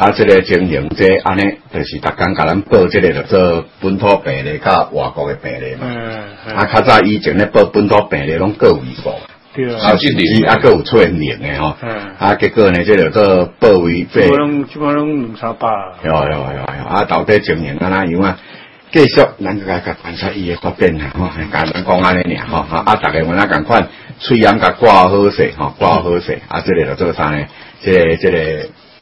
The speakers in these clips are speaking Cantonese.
啊，即個情形這安尼，就是逐工甲咱報即個叫做本土病例甲外國的病例嘛。嗯。啊，較早以前咧報本土病例攏夠唔多，啊，今年啊夠有出現零嘅吼。嗯。啊，結果呢，即個做報維費。基本攏兩三百。啊，到底情形安怎樣啊？繼續咱就來甲觀察伊的改變啊！吼，甲咱講安尼爾吼，啊，逐個我那咁款，吹氧甲掛好勢吼，掛好勢，啊，即個著做啥呢？即即個。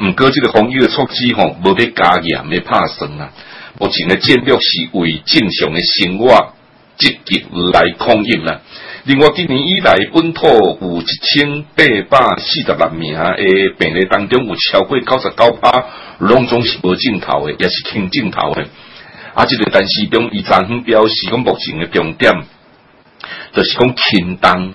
唔過，這個防疫的措施吼、哦，無得加嚴，無得拍鬆啊！目前嘅戰略是為正常嘅生活積極來抗疫啦。另外，今年以來，本土有一千八百四十六名誒病例當中，有超過九十九％攏總是無症頭嘅，也是輕症頭嘅。啊，這個陳時中，伊昨天表示講目前嘅重點，就是講輕症。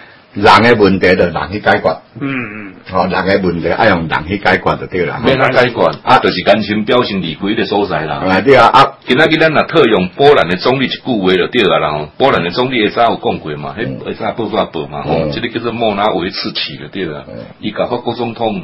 人嘅問題就人去解決，嗯嗯哦，哦人嘅問題愛用人去解決就對啦。咩嘢解決？啊，就是咁先表現離軌嘅所在啦。啊對啊，啊，今仔日咱啊特用波蘭嘅總理一句話就對啦啦，波蘭嘅總理阿沙有講過嘛，迄阿沙報發報嘛，即、嗯哦這個叫做莫拉維茨基嘅對啦，伊甲、嗯、法國總統。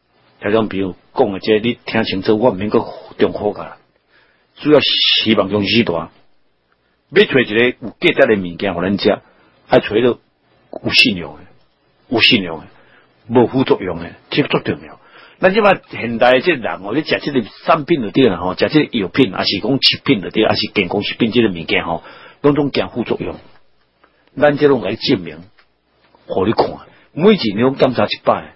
台灣朋友講的這，你聽清楚，我唔免閣重複噶啦。主要希望用醫大，要找一個有價值的物件給人食，還找一個有信用的、有信用的、無副作用的，這個最重要。咱即嘛現代即人，哦，咧食即個產品的啲啦吼，食即藥品啊，是講食品的啲，啊是健康食品這東西，即個物件吼，攏總驚副作用。咱即種來證明，互你看，每一年檢查一擺。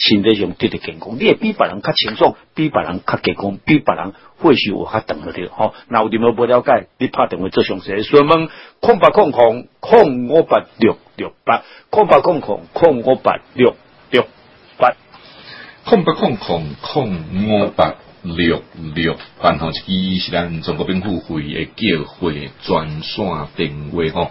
身體上得得健康，你也比別人較清爽，比別人較健康，比別人或許我較長了點。好，若有啲冇無了解，你拍電話做詳細詢問。空八空空，空五百六六八，空八空空，空五百六六八，空八空空，空五百六六。八吼，一記是咱中國邊付費嘅繳費專線定位吼。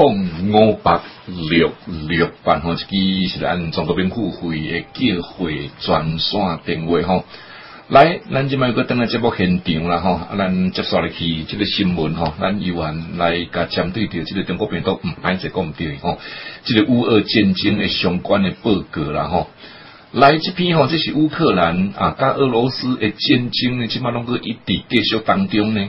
五百六六萬吼，一支是安裝個冰庫費嘅計費專線定位吼。來，咱即擺要等下節目現場啦吼。啊，咱接續落去即個新聞吼，咱有閒來甲針對着即個中國邊都毋排斥講毋對吼。即、即個烏俄戰爭嘅相關嘅報告啦吼。來，即篇吼，即是烏克蘭啊，甲俄羅斯誒戰爭呢，即擺攏擱一直繼續當中呢。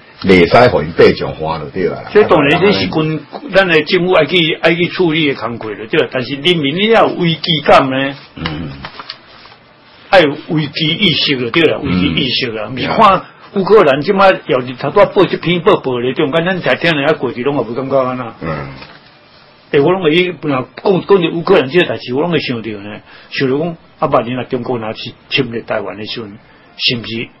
你互雲遮住看咯，對啦。所以當然呢是關，咱誒政府愛去愛去處理誒工作咯，對。但是人民呢要有危機感呢，嗯。有危機意識咯，對啦，危機意識啊，毋是、嗯、看烏克蘭即擺，又頭拄仔報一篇報報嚟，點解咱成聽聽嚟一過攏都無感覺安怎？嗯。誒、欸，我諗佢，本來講講住烏克蘭呢個代誌，我諗佢想住咧，想住講阿百年啊，你中國啊去侵略台灣嘅時，是毋是。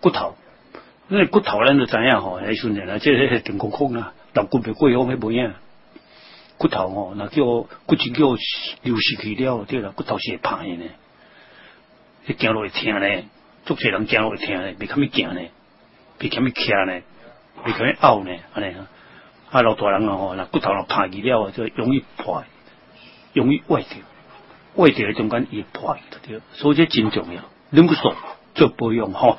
骨頭，那骨頭咱就知呀吼，來訓練啦，即係定骨礦啦，豆骨皮骨樣起無影。骨頭吼，那、喔、叫骨質叫流失去了，對了骨頭是怕呢。你走路會疼呢，足儕人走路會疼呢，別咁咪行呢，別咁咪徛呢，別咁咪拗呢，安尼啊，啊老大人啊吼，那、喔、骨頭啊怕去了，就容易破，容易壞掉，壞掉中間易破，對不對？所以真重要，兩個手做保養吼。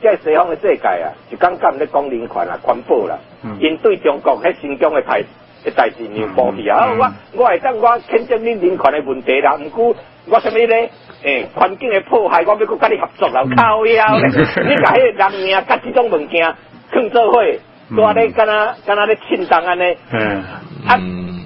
即係西方的世界啊，就感覺咧講人權啊，環保啦，因、嗯、對中國迄新疆嘅代、嘅代志尿爆去啊！我、我係講我肯定你人權嘅問題啦，唔過我蝦米咧，誒，環境嘅破壞，我，那個欸、我要佮你合作啦，靠腰！你甲迄人命甲即種物件放做伙，我咧干哪干哪咧侵占安尼，嗯，啊。嗯